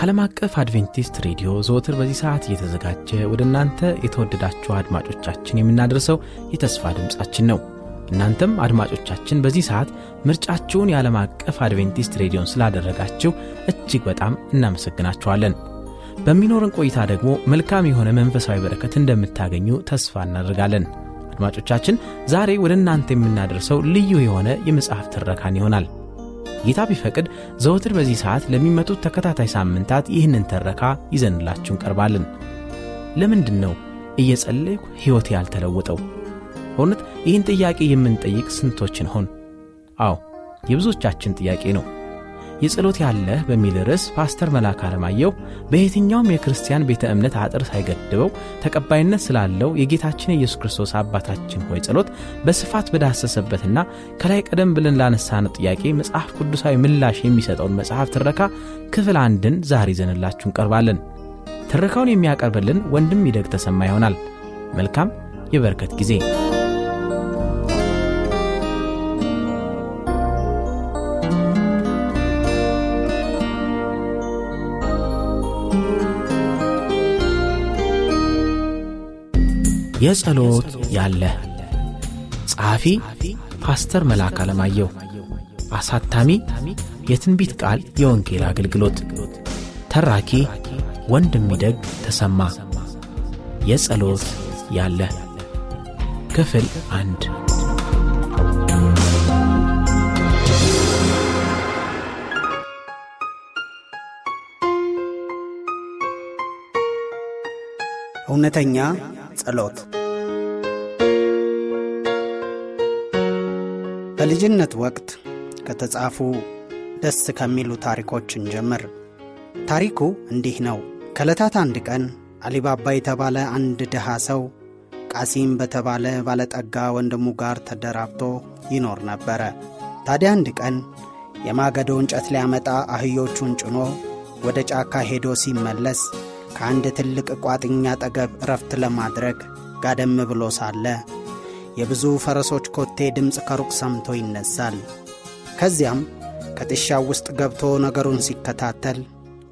ከዓለም አቀፍ አድቬንቲስት ሬዲዮ ዘወትር በዚህ ሰዓት እየተዘጋጀ ወደ እናንተ የተወደዳችሁ አድማጮቻችን የምናደርሰው የተስፋ ድምፃችን ነው። እናንተም አድማጮቻችን በዚህ ሰዓት ምርጫችሁን የዓለም አቀፍ አድቬንቲስት ሬዲዮን ስላደረጋችሁ እጅግ በጣም እናመሰግናችኋለን። በሚኖረን ቆይታ ደግሞ መልካም የሆነ መንፈሳዊ በረከት እንደምታገኙ ተስፋ እናደርጋለን። አድማጮቻችን ዛሬ ወደ እናንተ የምናደርሰው ልዩ የሆነ የመጽሐፍ ትረካን ይሆናል። ጌታ ቢፈቅድ ዘወትር በዚህ ሰዓት ለሚመጡት ተከታታይ ሳምንታት ይህንን ተረካ ይዘንላችሁ እንቀርባለን። ለምንድን ነው እየጸለይኩ ሕይወቴ ያልተለወጠው? በእውነት ይህን ጥያቄ የምንጠይቅ ስንቶችን ሆን? አዎ የብዙዎቻችን ጥያቄ ነው። የጸሎት ያለህ በሚል ርዕስ ፓስተር መላክ አለማየሁ በየትኛውም የክርስቲያን ቤተ እምነት አጥር ሳይገድበው ተቀባይነት ስላለው የጌታችን የኢየሱስ ክርስቶስ አባታችን ሆይ ጸሎት በስፋት በዳሰሰበትና ከላይ ቀደም ብለን ላነሳነው ጥያቄ መጽሐፍ ቅዱሳዊ ምላሽ የሚሰጠውን መጽሐፍ ትረካ ክፍል አንድን ዛሬ ይዘንላችሁ እንቀርባለን። ትረካውን የሚያቀርብልን ወንድም ይደግ ተሰማ ይሆናል። መልካም የበረከት ጊዜ የጸሎት ያለህ ጸሐፊ ፓስተር መልአክ አለማየሁ አሳታሚ የትንቢት ቃል የወንጌል አገልግሎት ተራኪ ይደግ ተሰማ የጸሎት ያለ ክፍል አንድ እውነተኛ ጸሎት በልጅነት ወቅት ከተጻፉ ደስ ከሚሉ ታሪኮች እንጀምር። ታሪኩ እንዲህ ነው። ከለታት አንድ ቀን አሊባባ የተባለ አንድ ድሃ ሰው ቃሲም በተባለ ባለጠጋ ወንድሙ ጋር ተደራብቶ ይኖር ነበረ። ታዲያ አንድ ቀን የማገዶ እንጨት ሊያመጣ አህዮቹን ጭኖ ወደ ጫካ ሄዶ ሲመለስ ከአንድ ትልቅ ቋጥኝ አጠገብ እረፍት ለማድረግ ጋደም ብሎ ሳለ የብዙ ፈረሶች ኮቴ ድምፅ ከሩቅ ሰምቶ ይነሳል። ከዚያም ከጥሻው ውስጥ ገብቶ ነገሩን ሲከታተል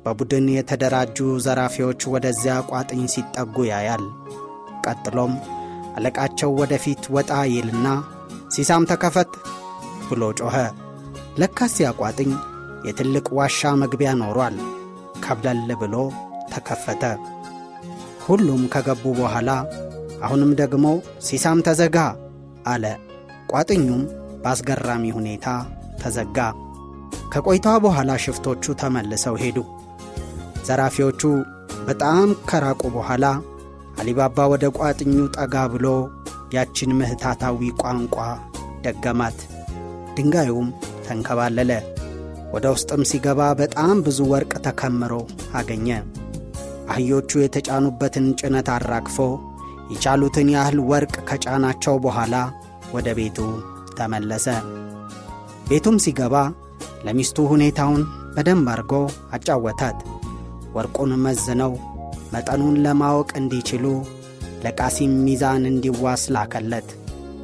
በቡድን የተደራጁ ዘራፊዎች ወደዚያ ቋጥኝ ሲጠጉ ያያል። ቀጥሎም አለቃቸው ወደፊት ወጣ ይልና ሲሳም ተከፈት ብሎ ጮኸ። ለካስ ያ ቋጥኝ የትልቅ ዋሻ መግቢያ ኖሯል። ከብለል ብሎ ተከፈተ። ሁሉም ከገቡ በኋላ አሁንም ደግሞ ሲሳም ተዘጋ አለ። ቋጥኙም በአስገራሚ ሁኔታ ተዘጋ። ከቆይታ በኋላ ሽፍቶቹ ተመልሰው ሄዱ። ዘራፊዎቹ በጣም ከራቁ በኋላ አሊባባ ወደ ቋጥኙ ጠጋ ብሎ ያችን ምህታታዊ ቋንቋ ደገማት። ድንጋዩም ተንከባለለ። ወደ ውስጥም ሲገባ በጣም ብዙ ወርቅ ተከምሮ አገኘ። አህዮቹ የተጫኑበትን ጭነት አራግፎ የቻሉትን ያህል ወርቅ ከጫናቸው በኋላ ወደ ቤቱ ተመለሰ። ቤቱም ሲገባ ለሚስቱ ሁኔታውን በደንብ አድርጎ አጫወታት። ወርቁን መዝነው መጠኑን ለማወቅ እንዲችሉ ለቃሲም ሚዛን እንዲዋስ ላከለት።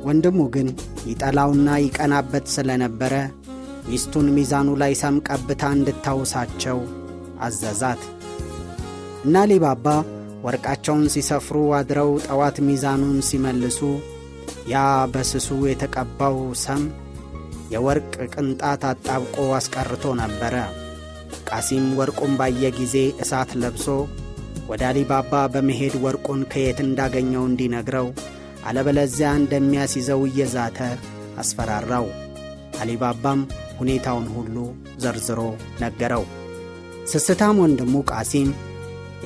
ወንድሙ ግን ይጠላውና ይቀናበት ስለነበረ ሚስቱን ሚዛኑ ላይ ሰምቀብታ እንድታውሳቸው አዘዛት። እና ሌባ አባ ወርቃቸውን ሲሰፍሩ አድረው ጠዋት ሚዛኑን ሲመልሱ ያ በስሱ የተቀባው ሰም የወርቅ ቅንጣት አጣብቆ አስቀርቶ ነበረ። ቃሲም ወርቁን ባየ ጊዜ እሳት ለብሶ ወደ አሊባባ በመሄድ ወርቁን ከየት እንዳገኘው እንዲነግረው አለበለዚያ እንደሚያስይዘው እየዛተ አስፈራራው። አሊባባም ሁኔታውን ሁሉ ዘርዝሮ ነገረው። ስስታም ወንድሙ ቃሲም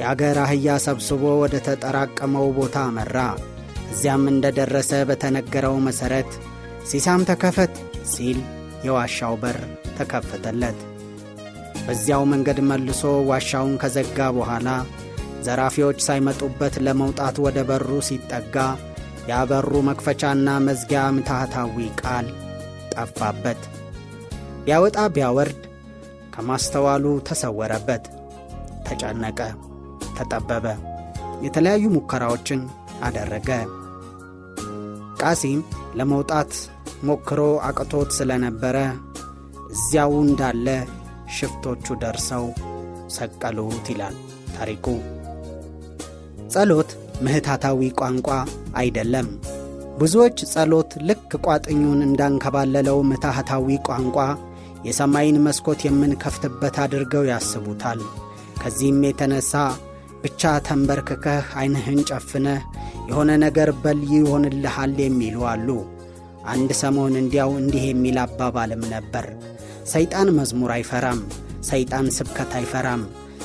የአገር አህያ ሰብስቦ ወደ ተጠራቀመው ቦታ አመራ። እዚያም እንደ ደረሰ በተነገረው መሠረት ሲሳም ተከፈት ሲል የዋሻው በር ተከፈተለት። በዚያው መንገድ መልሶ ዋሻውን ከዘጋ በኋላ ዘራፊዎች ሳይመጡበት ለመውጣት ወደ በሩ ሲጠጋ ያበሩ መክፈቻና መዝጊያ ምትሃታዊ ቃል ጠፋበት። ቢያወጣ ቢያወርድ ከማስተዋሉ ተሰወረበት፣ ተጨነቀ። ተጠበበ። የተለያዩ ሙከራዎችን አደረገ። ቃሲም ለመውጣት ሞክሮ አቅቶት ስለነበረ እዚያው እንዳለ ሽፍቶቹ ደርሰው ሰቀሉት ይላል ታሪኩ። ጸሎት ምህታታዊ ቋንቋ አይደለም። ብዙዎች ጸሎት ልክ ቋጥኙን እንዳንከባለለው ምትሃታዊ ቋንቋ የሰማይን መስኮት የምንከፍትበት አድርገው ያስቡታል። ከዚህም የተነሳ ብቻ ተንበርክከህ ዐይንህን ጨፍነህ የሆነ ነገር በል ይሆንልሃል የሚሉ አሉ። አንድ ሰሞን እንዲያው እንዲህ የሚል አባባልም ነበር፣ ሰይጣን መዝሙር አይፈራም፣ ሰይጣን ስብከት አይፈራም፣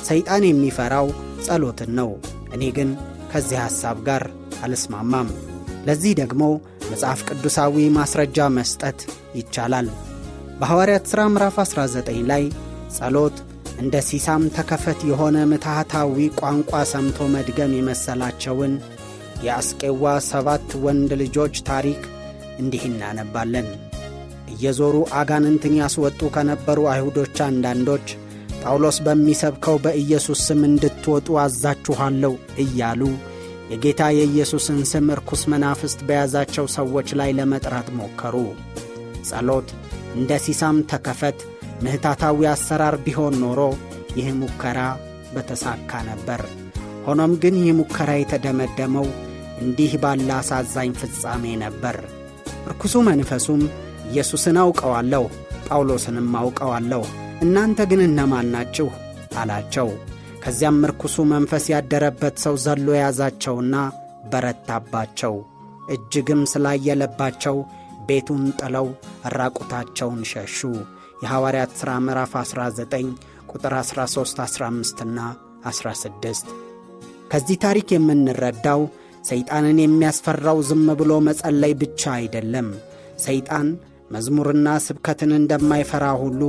ሰይጣን የሚፈራው ጸሎትን ነው። እኔ ግን ከዚህ ሐሳብ ጋር አልስማማም። ለዚህ ደግሞ መጽሐፍ ቅዱሳዊ ማስረጃ መስጠት ይቻላል። በሐዋርያት ሥራ ምዕራፍ 19 ላይ ጸሎት እንደ ሲሳም ተከፈት የሆነ ምትሃታዊ ቋንቋ ሰምቶ መድገም የመሰላቸውን የአስቄዋ ሰባት ወንድ ልጆች ታሪክ እንዲህ እናነባለን። እየዞሩ አጋንንትን ያስወጡ ከነበሩ አይሁዶች አንዳንዶች ጳውሎስ በሚሰብከው በኢየሱስ ስም እንድትወጡ አዛችኋለሁ እያሉ የጌታ የኢየሱስን ስም ርኩስ መናፍስት በያዛቸው ሰዎች ላይ ለመጥራት ሞከሩ። ጸሎት እንደ ሲሳም ተከፈት ምህታታዊ አሰራር ቢሆን ኖሮ ይህ ሙከራ በተሳካ ነበር። ሆኖም ግን ይህ ሙከራ የተደመደመው እንዲህ ባለ አሳዛኝ ፍጻሜ ነበር። ርኩሱ መንፈሱም ኢየሱስን አውቀዋለሁ፣ ጳውሎስንም አውቀዋለሁ፣ እናንተ ግን እነማን ናችሁ አላቸው። ከዚያም ርኩሱ መንፈስ ያደረበት ሰው ዘሎ የያዛቸውና በረታባቸው። እጅግም ስላየለባቸው ቤቱን ጥለው ራቁታቸውን ሸሹ። የሐዋርያት ሥራ ምዕራፍ 19 ቁጥር 13፣ 15 ና 16። ከዚህ ታሪክ የምንረዳው ሰይጣንን የሚያስፈራው ዝም ብሎ መጸለይ ብቻ አይደለም። ሰይጣን መዝሙርና ስብከትን እንደማይፈራ ሁሉ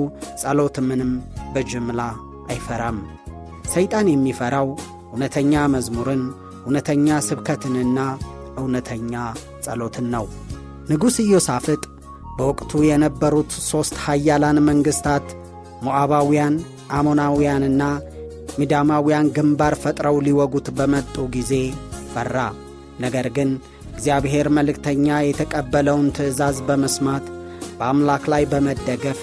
ጸሎት ምንም በጅምላ አይፈራም። ሰይጣን የሚፈራው እውነተኛ መዝሙርን፣ እውነተኛ ስብከትንና እውነተኛ ጸሎትን ነው። ንጉሥ ኢዮሳፍጥ በወቅቱ የነበሩት ሦስት ኃያላን መንግሥታት ሞዓባውያን፣ አሞናውያንና ሚዳማውያን ግንባር ፈጥረው ሊወጉት በመጡ ጊዜ ፈራ። ነገር ግን እግዚአብሔር መልእክተኛ የተቀበለውን ትእዛዝ በመስማት በአምላክ ላይ በመደገፍ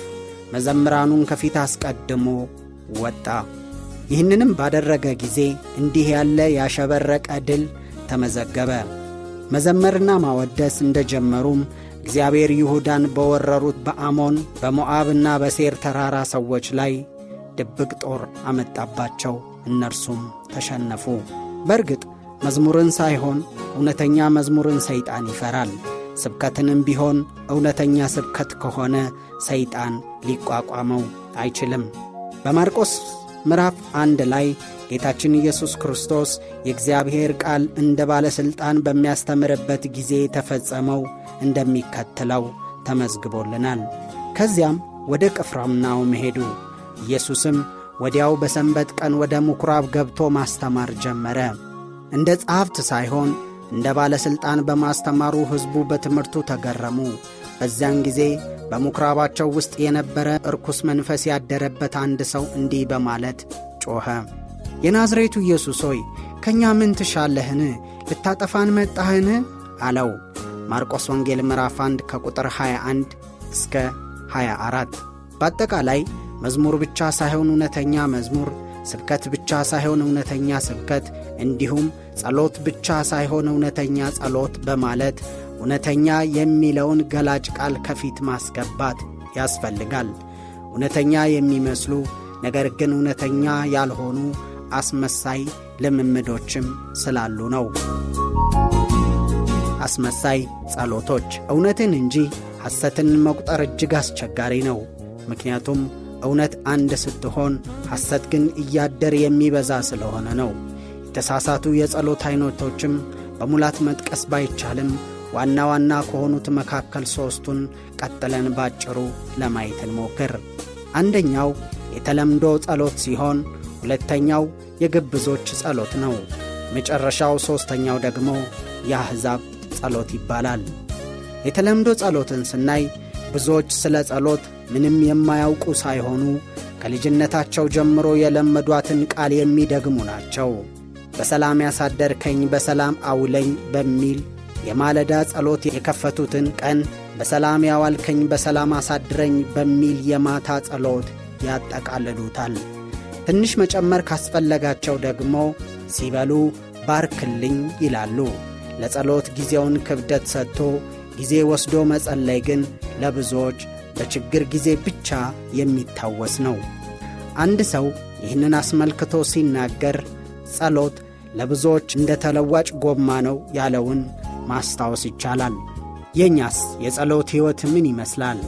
መዘምራኑን ከፊት አስቀድሞ ወጣ። ይህንንም ባደረገ ጊዜ እንዲህ ያለ ያሸበረቀ ድል ተመዘገበ። መዘመርና ማወደስ እንደ ጀመሩም እግዚአብሔር ይሁዳን በወረሩት በአሞን በሞዓብና በሴር ተራራ ሰዎች ላይ ድብቅ ጦር አመጣባቸው፣ እነርሱም ተሸነፉ። በርግጥ መዝሙርን ሳይሆን እውነተኛ መዝሙርን ሰይጣን ይፈራል። ስብከትንም ቢሆን እውነተኛ ስብከት ከሆነ ሰይጣን ሊቋቋመው አይችልም። በማርቆስ ምዕራፍ አንድ ላይ ጌታችን ኢየሱስ ክርስቶስ የእግዚአብሔር ቃል እንደ ሥልጣን በሚያስተምርበት ጊዜ ተፈጸመው እንደሚከተለው ተመዝግቦልናል። ከዚያም ወደ ቅፍራናውም ሄዱ። ኢየሱስም ወዲያው በሰንበት ቀን ወደ ምኵራብ ገብቶ ማስተማር ጀመረ። እንደ ጸሐፍት ሳይሆን እንደ ሥልጣን በማስተማሩ ሕዝቡ በትምህርቱ ተገረሙ። በዚያን ጊዜ በምኵራባቸው ውስጥ የነበረ እርኩስ መንፈስ ያደረበት አንድ ሰው እንዲህ በማለት ጮኸ። የናዝሬቱ ኢየሱስ ሆይ ከእኛ ምን ትሻለህን? ልታጠፋን መጣህን? አለው። ማርቆስ ወንጌል ምዕራፍ 1 ከቁጥር 21 እስከ 24። በአጠቃላይ መዝሙር ብቻ ሳይሆን እውነተኛ መዝሙር፣ ስብከት ብቻ ሳይሆን እውነተኛ ስብከት፣ እንዲሁም ጸሎት ብቻ ሳይሆን እውነተኛ ጸሎት በማለት እውነተኛ የሚለውን ገላጭ ቃል ከፊት ማስገባት ያስፈልጋል። እውነተኛ የሚመስሉ ነገር ግን እውነተኛ ያልሆኑ አስመሳይ ልምምዶችም ስላሉ ነው። አስመሳይ ጸሎቶች እውነትን እንጂ ሐሰትን መቁጠር እጅግ አስቸጋሪ ነው። ምክንያቱም እውነት አንድ ስትሆን ሐሰት ግን እያደር የሚበዛ ስለሆነ ነው። የተሳሳቱ የጸሎት አይነቶችም በሙላት መጥቀስ ባይቻልም ዋና ዋና ከሆኑት መካከል ሦስቱን ቀጥለን ባጭሩ ለማየት እንሞክር። አንደኛው የተለምዶ ጸሎት ሲሆን ሁለተኛው የግብዞች ጸሎት ነው። መጨረሻው ሦስተኛው ደግሞ የአሕዛብ ጸሎት ይባላል። የተለምዶ ጸሎትን ስናይ ብዙዎች ስለ ጸሎት ምንም የማያውቁ ሳይሆኑ ከልጅነታቸው ጀምሮ የለመዷትን ቃል የሚደግሙ ናቸው። በሰላም ያሳደርከኝ፣ በሰላም አውለኝ በሚል የማለዳ ጸሎት የከፈቱትን ቀን በሰላም ያዋልከኝ፣ በሰላም አሳድረኝ በሚል የማታ ጸሎት ያጠቃልሉታል። ትንሽ መጨመር ካስፈለጋቸው ደግሞ ሲበሉ ባርክልኝ ይላሉ። ለጸሎት ጊዜውን ክብደት ሰጥቶ ጊዜ ወስዶ መጸለይ ግን ለብዙዎች በችግር ጊዜ ብቻ የሚታወስ ነው። አንድ ሰው ይህንን አስመልክቶ ሲናገር ጸሎት ለብዙዎች እንደ ተለዋጭ ጎማ ነው ያለውን ማስታወስ ይቻላል። የእኛስ የጸሎት ሕይወት ምን ይመስላል?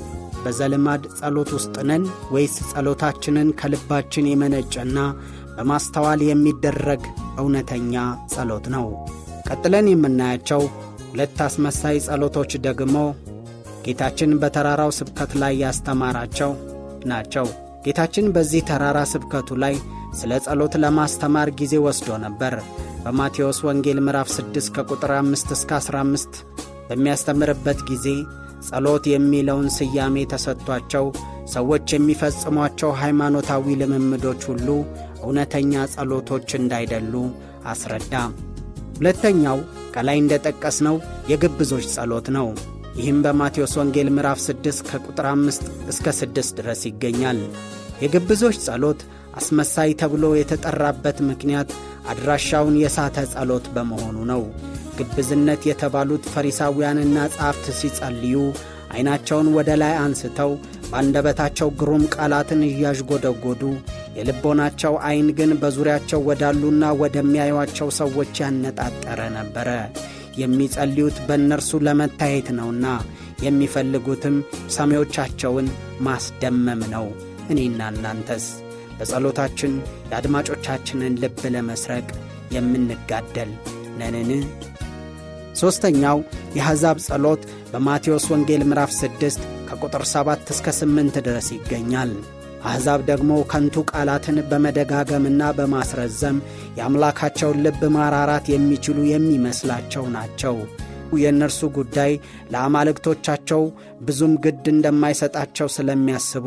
በዘልማድ ጸሎት ውስጥ ነን ወይስ ጸሎታችንን ከልባችን የመነጨና በማስተዋል የሚደረግ እውነተኛ ጸሎት ነው? ቀጥለን የምናያቸው ሁለት አስመሳይ ጸሎቶች ደግሞ ጌታችን በተራራው ስብከት ላይ ያስተማራቸው ናቸው። ጌታችን በዚህ ተራራ ስብከቱ ላይ ስለ ጸሎት ለማስተማር ጊዜ ወስዶ ነበር። በማቴዎስ ወንጌል ምዕራፍ 6 ከቁጥር 5 እስከ 15 በሚያስተምርበት ጊዜ ጸሎት የሚለውን ስያሜ ተሰጥቷቸው ሰዎች የሚፈጽሟቸው ሃይማኖታዊ ልምምዶች ሁሉ እውነተኛ ጸሎቶች እንዳይደሉ አስረዳ። ሁለተኛው ከላይ ነው የግብዞች ጸሎት ነው። ይህም በማቴዎስ ወንጌል ምዕራፍ 6 ከቁጥር 5 እስከ 6 ድረስ ይገኛል። የግብዞች ጸሎት አስመሳይ ተብሎ የተጠራበት ምክንያት አድራሻውን የሳተ ጸሎት በመሆኑ ነው። ግብዝነት የተባሉት ፈሪሳውያንና ጻፍት ሲጸልዩ ዐይናቸውን ወደ ላይ አንስተው በአንደበታቸው ግሩም ቃላትን እያዥጎደጎዱ የልቦናቸው ዐይን ግን በዙሪያቸው ወዳሉና ወደሚያዩቸው ሰዎች ያነጣጠረ ነበረ። የሚጸልዩት በእነርሱ ለመታየት ነውና የሚፈልጉትም ሰሜዎቻቸውን ማስደመም ነው። እኔና እናንተስ በጸሎታችን የአድማጮቻችንን ልብ ለመስረቅ የምንጋደል ነንን? ሦስተኛው የአሕዛብ ጸሎት በማቴዎስ ወንጌል ምዕራፍ 6 ከቁጥር 7 እስከ 8 ድረስ ይገኛል። አሕዛብ ደግሞ ከንቱ ቃላትን በመደጋገምና በማስረዘም የአምላካቸውን ልብ ማራራት የሚችሉ የሚመስላቸው ናቸው። የእነርሱ ጉዳይ ለአማልክቶቻቸው ብዙም ግድ እንደማይሰጣቸው ስለሚያስቡ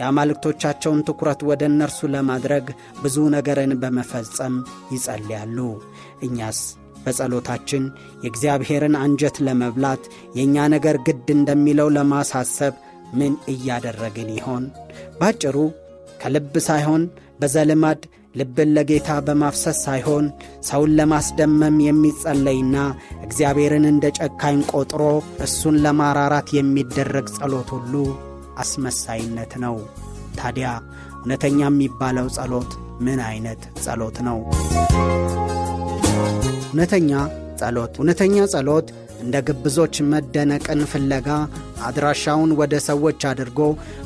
የአማልክቶቻቸውን ትኩረት ወደ እነርሱ ለማድረግ ብዙ ነገርን በመፈጸም ይጸልያሉ። እኛስ በጸሎታችን የእግዚአብሔርን አንጀት ለመብላት የእኛ ነገር ግድ እንደሚለው ለማሳሰብ ምን እያደረግን ይሆን? ባጭሩ ከልብ ሳይሆን በዘልማድ ልብን ለጌታ በማፍሰስ ሳይሆን ሰውን ለማስደመም የሚጸለይና እግዚአብሔርን እንደ ጨካኝ ቆጥሮ እሱን ለማራራት የሚደረግ ጸሎት ሁሉ አስመሳይነት ነው። ታዲያ እውነተኛ የሚባለው ጸሎት ምን አይነት ጸሎት ነው? እውነተኛ ጸሎት እውነተኛ ጸሎት እንደ ግብዞች መደነቅን ፍለጋ አድራሻውን ወደ ሰዎች አድርጎ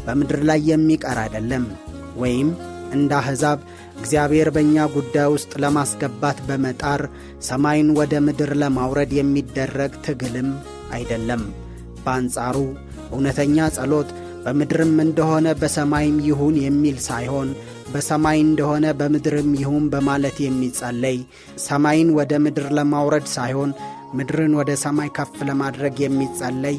በምድር ላይ የሚቀር አይደለም ወይም እንደ አሕዛብ እግዚአብሔር በእኛ ጉዳይ ውስጥ ለማስገባት በመጣር ሰማይን ወደ ምድር ለማውረድ የሚደረግ ትግልም አይደለም በአንጻሩ እውነተኛ ጸሎት በምድርም እንደሆነ በሰማይም ይሁን የሚል ሳይሆን በሰማይ እንደሆነ በምድርም ይሁን በማለት የሚጸለይ ሰማይን ወደ ምድር ለማውረድ ሳይሆን ምድርን ወደ ሰማይ ከፍ ለማድረግ የሚጸለይ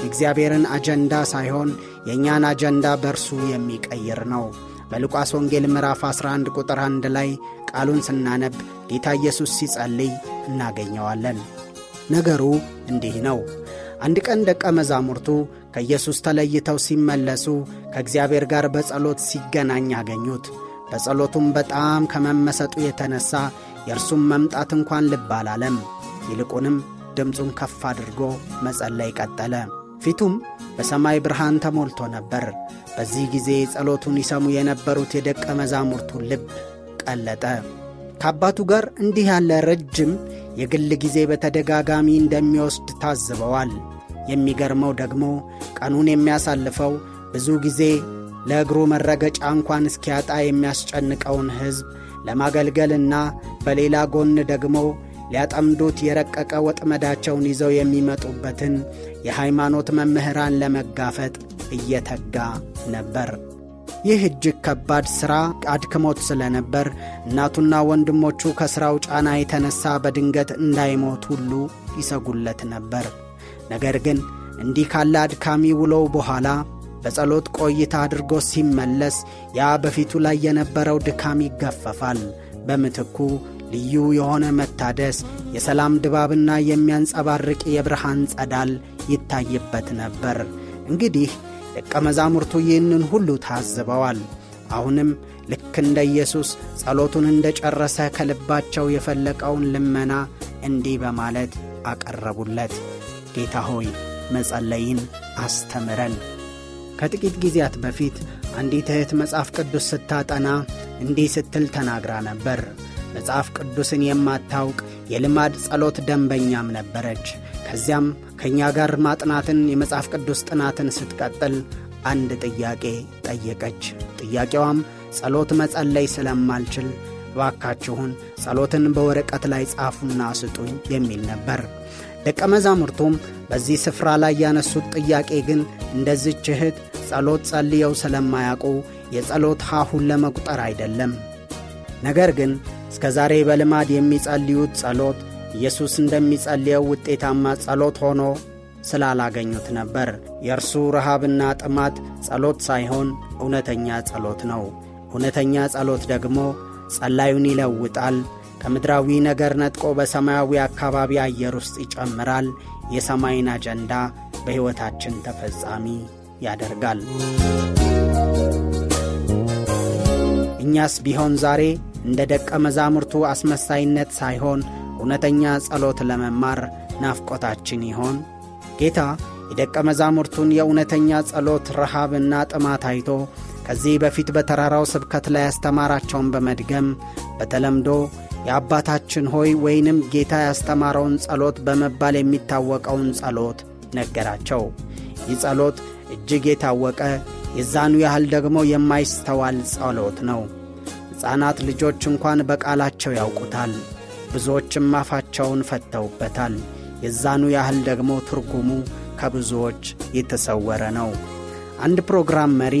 የእግዚአብሔርን አጀንዳ ሳይሆን የእኛን አጀንዳ በእርሱ የሚቀይር ነው። በሉቃስ ወንጌል ምዕራፍ 11 ቁጥር 1 ላይ ቃሉን ስናነብ ጌታ ኢየሱስ ሲጸልይ እናገኘዋለን። ነገሩ እንዲህ ነው። አንድ ቀን ደቀ መዛሙርቱ ከኢየሱስ ተለይተው ሲመለሱ ከእግዚአብሔር ጋር በጸሎት ሲገናኝ አገኙት። በጸሎቱም በጣም ከመመሰጡ የተነሣ የእርሱም መምጣት እንኳን ልብ አላለም። ይልቁንም ድምፁን ከፍ አድርጎ መጸለይ ቀጠለ። ፊቱም በሰማይ ብርሃን ተሞልቶ ነበር። በዚህ ጊዜ ጸሎቱን ይሰሙ የነበሩት የደቀ መዛሙርቱ ልብ ቀለጠ። ከአባቱ ጋር እንዲህ ያለ ረጅም የግል ጊዜ በተደጋጋሚ እንደሚወስድ ታዝበዋል። የሚገርመው ደግሞ ቀኑን የሚያሳልፈው ብዙ ጊዜ ለእግሩ መረገጫ እንኳን እስኪያጣ የሚያስጨንቀውን ሕዝብ ለማገልገልና በሌላ ጎን ደግሞ ሊያጠምዱት የረቀቀ ወጥመዳቸውን ይዘው የሚመጡበትን የሃይማኖት መምህራን ለመጋፈጥ እየተጋ ነበር። ይህ እጅግ ከባድ ሥራ አድክሞት ስለነበር እናቱና ወንድሞቹ ከሥራው ጫና የተነሳ በድንገት እንዳይሞት ሁሉ ይሰጉለት ነበር። ነገር ግን እንዲህ ካለ አድካሚ ውለው በኋላ በጸሎት ቆይታ አድርጎ ሲመለስ ያ በፊቱ ላይ የነበረው ድካም ይገፈፋል። በምትኩ ልዩ የሆነ መታደስ፣ የሰላም ድባብና የሚያንጸባርቅ የብርሃን ጸዳል ይታይበት ነበር። እንግዲህ ደቀ መዛሙርቱ ይህንን ሁሉ ታዝበዋል። አሁንም ልክ እንደ ኢየሱስ ጸሎቱን እንደ ጨረሰ ከልባቸው የፈለቀውን ልመና እንዲህ በማለት አቀረቡለት። ጌታ ሆይ መጸለይን አስተምረን። ከጥቂት ጊዜያት በፊት አንዲት እህት መጽሐፍ ቅዱስ ስታጠና እንዲህ ስትል ተናግራ ነበር። መጽሐፍ ቅዱስን የማታውቅ የልማድ ጸሎት ደንበኛም ነበረች። ከዚያም ከእኛ ጋር ማጥናትን የመጽሐፍ ቅዱስ ጥናትን ስትቀጥል አንድ ጥያቄ ጠየቀች። ጥያቄዋም ጸሎት መጸለይ ስለማልችል ባካችሁን ጸሎትን በወረቀት ላይ ጻፉና ስጡኝ የሚል ነበር። ደቀ መዛሙርቱም በዚህ ስፍራ ላይ ያነሱት ጥያቄ ግን እንደዚች እህት ጸሎት ጸልየው ስለማያውቁ የጸሎት ሀሁን ለመቁጠር አይደለም። ነገር ግን እስከ ዛሬ በልማድ የሚጸልዩት ጸሎት ኢየሱስ እንደሚጸልየው ውጤታማ ጸሎት ሆኖ ስላላገኙት ነበር። የእርሱ ረሃብና ጥማት ጸሎት ሳይሆን እውነተኛ ጸሎት ነው። እውነተኛ ጸሎት ደግሞ ጸላዩን ይለውጣል። ከምድራዊ ነገር ነጥቆ በሰማያዊ አካባቢ አየር ውስጥ ይጨምራል። የሰማይን አጀንዳ በሕይወታችን ተፈጻሚ ያደርጋል። እኛስ ቢሆን ዛሬ እንደ ደቀ መዛሙርቱ አስመሳይነት ሳይሆን እውነተኛ ጸሎት ለመማር ናፍቆታችን ይሆን? ጌታ የደቀ መዛሙርቱን የእውነተኛ ጸሎት ረሃብና ጥማት አይቶ ከዚህ በፊት በተራራው ስብከት ላይ ያስተማራቸውን በመድገም በተለምዶ የአባታችን ሆይ ወይንም ጌታ ያስተማረውን ጸሎት በመባል የሚታወቀውን ጸሎት ነገራቸው። ይህ ጸሎት እጅግ የታወቀ የዛኑ ያህል ደግሞ የማይስተዋል ጸሎት ነው። ሕፃናት ልጆች እንኳን በቃላቸው ያውቁታል። ብዙዎችም አፋቸውን ፈተውበታል። የዛኑ ያህል ደግሞ ትርጉሙ ከብዙዎች የተሰወረ ነው። አንድ ፕሮግራም መሪ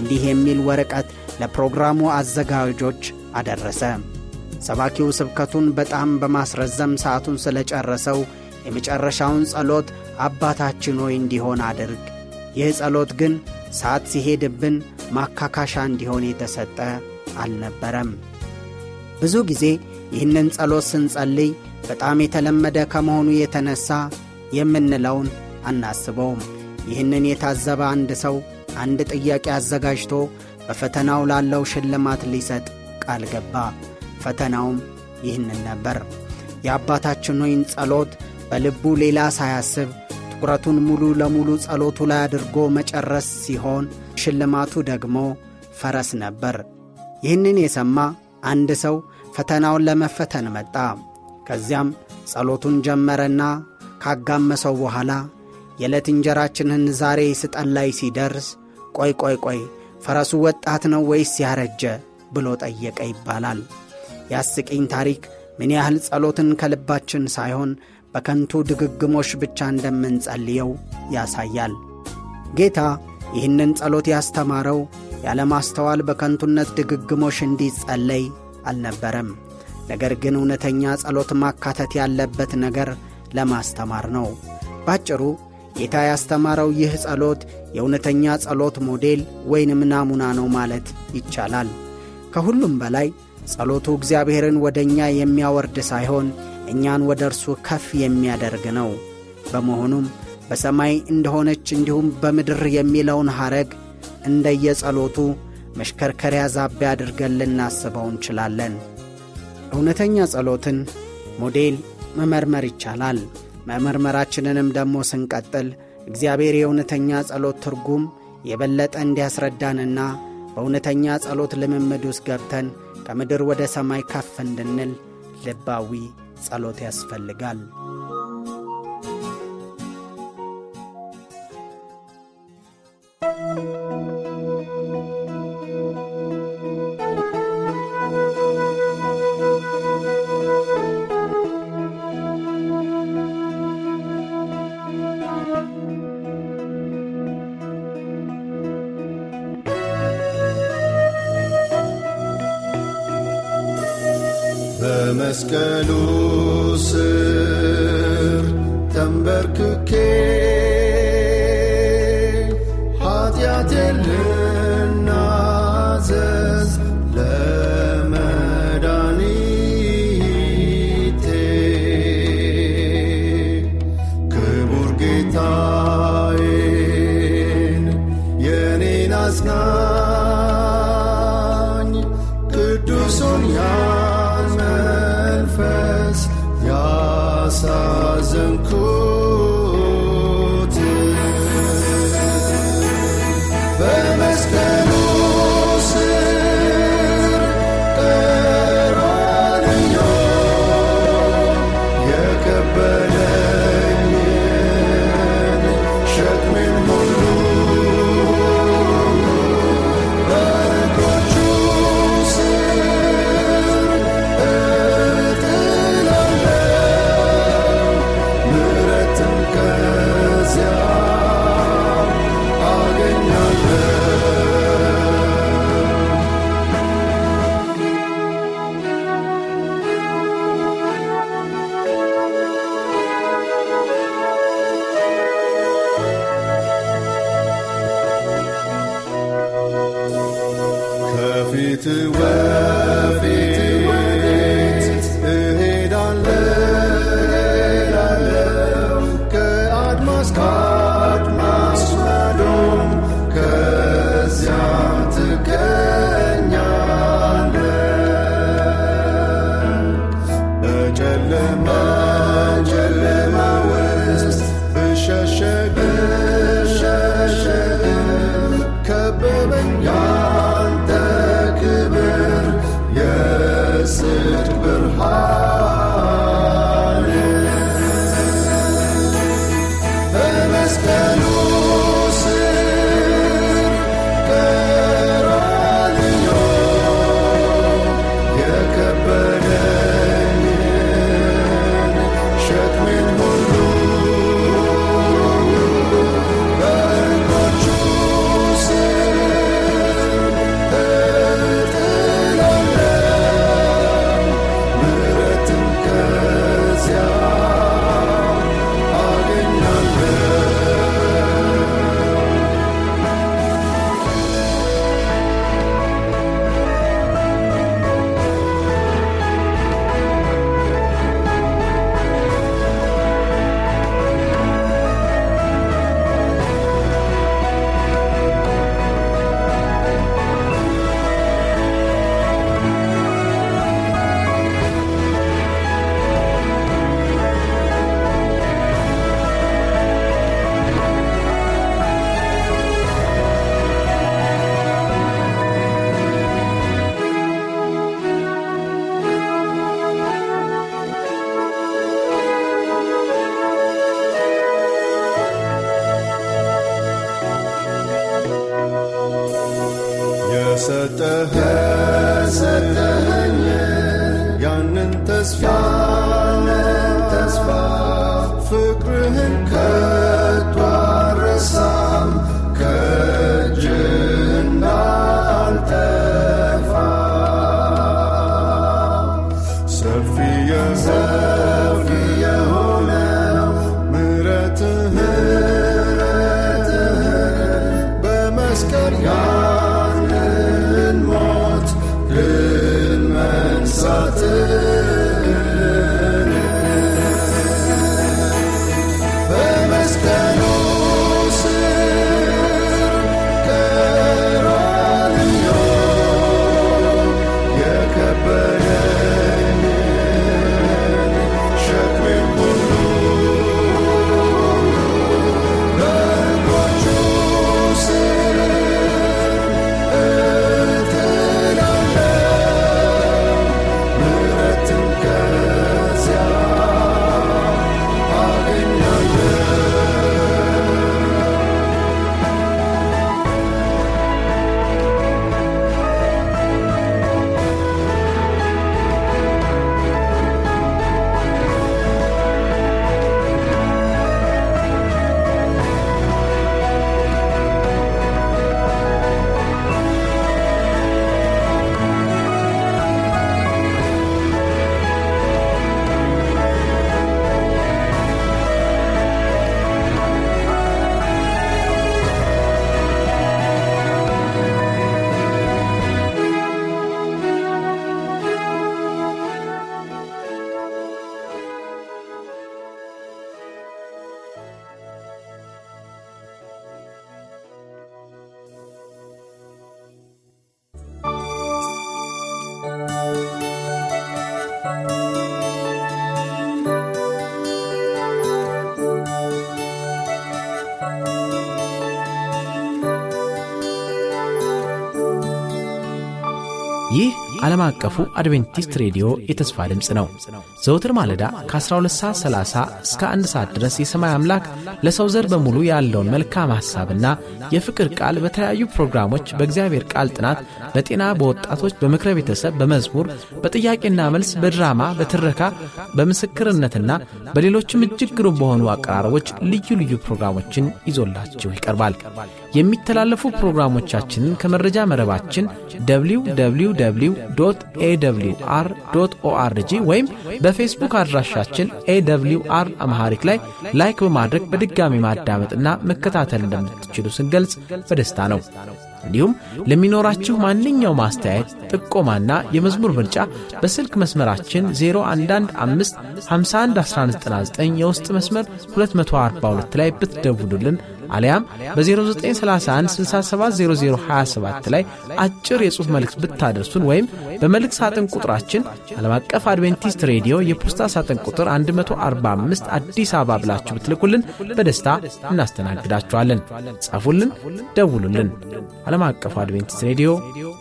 እንዲህ የሚል ወረቀት ለፕሮግራሙ አዘጋጆች አደረሰ። ሰባኪው ስብከቱን በጣም በማስረዘም ሰዓቱን ስለጨረሰው የመጨረሻውን ጸሎት አባታችን ሆይ እንዲሆን አድርግ። ይህ ጸሎት ግን ሰዓት ሲሄድብን ማካካሻ እንዲሆን የተሰጠ አልነበረም። ብዙ ጊዜ ይህንን ጸሎት ስንጸልይ በጣም የተለመደ ከመሆኑ የተነሳ የምንለውን አናስበውም። ይህንን የታዘበ አንድ ሰው አንድ ጥያቄ አዘጋጅቶ በፈተናው ላለው ሽልማት ሊሰጥ ቃል ገባ። ፈተናውም ይህንን ነበር። የአባታችን ሆይን ጸሎት በልቡ ሌላ ሳያስብ ትኩረቱን ሙሉ ለሙሉ ጸሎቱ ላይ አድርጎ መጨረስ ሲሆን ሽልማቱ ደግሞ ፈረስ ነበር። ይህንን የሰማ አንድ ሰው ፈተናውን ለመፈተን መጣ። ከዚያም ጸሎቱን ጀመረና ካጋመሰው በኋላ የዕለት እንጀራችንን ዛሬ ስጠን ላይ ሲደርስ ቆይ ቆይ ቆይ ፈረሱ ወጣት ነው ወይስ ያረጀ ብሎ ጠየቀ ይባላል። የአስቂኝ ታሪክ ምን ያህል ጸሎትን ከልባችን ሳይሆን በከንቱ ድግግሞሽ ብቻ እንደምንጸልየው ያሳያል። ጌታ ይህንን ጸሎት ያስተማረው ያለማስተዋል በከንቱነት ድግግሞሽ እንዲጸለይ አልነበረም። ነገር ግን እውነተኛ ጸሎት ማካተት ያለበት ነገር ለማስተማር ነው። ባጭሩ ጌታ ያስተማረው ይህ ጸሎት የእውነተኛ ጸሎት ሞዴል ወይንም ናሙና ነው ማለት ይቻላል። ከሁሉም በላይ ጸሎቱ እግዚአብሔርን ወደ እኛ የሚያወርድ ሳይሆን እኛን ወደ እርሱ ከፍ የሚያደርግ ነው። በመሆኑም በሰማይ እንደሆነች እንዲሁም በምድር የሚለውን ሐረግ እንደየጸሎቱ መሽከርከሪያ ዛቤ አድርገን ልናስበው እንችላለን። እውነተኛ ጸሎትን ሞዴል መመርመር ይቻላል። መመርመራችንንም ደግሞ ስንቀጥል እግዚአብሔር የእውነተኛ ጸሎት ትርጉም የበለጠ እንዲያስረዳንና በእውነተኛ ጸሎት ልምምድ ውስጥ ገብተን ከምድር ወደ ሰማይ ከፍ እንድንል ልባዊ ጸሎት ያስፈልጋል። love. ዓለም አቀፉ አድቬንቲስት ሬዲዮ የተስፋ ድምፅ ነው። ዘውትር ማለዳ ከ12 እስከ 1 ሰዓት ድረስ የሰማይ አምላክ ለሰው ዘር በሙሉ ያለውን መልካም ሐሳብና የፍቅር ቃል በተለያዩ ፕሮግራሞች፣ በእግዚአብሔር ቃል ጥናት፣ በጤና፣ በወጣቶች፣ በምክረ ቤተሰብ፣ በመዝሙር፣ በጥያቄና መልስ፣ በድራማ፣ በትረካ፣ በምስክርነትና በሌሎችም እጅግ ግሩም በሆኑ አቀራረቦች ልዩ ልዩ ፕሮግራሞችን ይዞላችሁ ይቀርባል። የሚተላለፉ ፕሮግራሞቻችንን ከመረጃ መረባችን www ኤwr ወይም በፌስቡክ አድራሻችን ኤwr አማሐሪክ ላይ ላይክ በማድረግ በድጋሚ ማዳመጥና መከታተል እንደምትችሉ ስንገልጽ በደስታ ነው። እንዲሁም ለሚኖራችሁ ማንኛውም ማስተያየት ጥቆማና የመዝሙር ምርጫ በስልክ መስመራችን 0115 የውስጥ መስመር 242 ላይ ብትደውሉልን አሊያም በ0931670027 ላይ አጭር የጽሑፍ መልእክት ብታደርሱን ወይም በመልእክት ሳጥን ቁጥራችን ዓለም አቀፍ አድቬንቲስት ሬዲዮ የፖስታ ሳጥን ቁጥር 145 አዲስ አበባ ብላችሁ ብትልኩልን በደስታ እናስተናግዳችኋለን። ጻፉልን፣ ደውሉልን። ዓለም አቀፉ አድቬንቲስት ሬዲዮ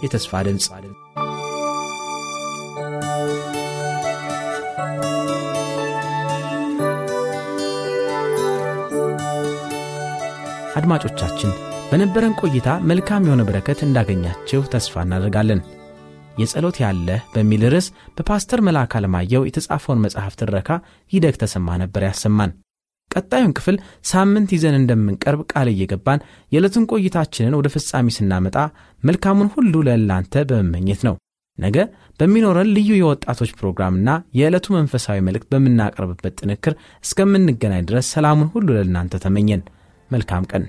የተስፋ ድምፅ አድማጮቻችን በነበረን ቆይታ መልካም የሆነ በረከት እንዳገኛችሁ ተስፋ እናደርጋለን። የጸሎት ያለህ በሚል ርዕስ በፓስተር መልአክ አለማየው የተጻፈውን መጽሐፍ ትረካ ይደግ ተሰማ ነበር ያሰማን። ቀጣዩን ክፍል ሳምንት ይዘን እንደምንቀርብ ቃል እየገባን የዕለቱን ቆይታችንን ወደ ፍጻሜ ስናመጣ መልካሙን ሁሉ ለእናንተ በመመኘት ነው። ነገ በሚኖረን ልዩ የወጣቶች ፕሮግራምና የዕለቱ መንፈሳዊ መልእክት በምናቀርብበት ጥንክር እስከምንገናኝ ድረስ ሰላሙን ሁሉ ለእናንተ ተመኘን። መልካም ቀን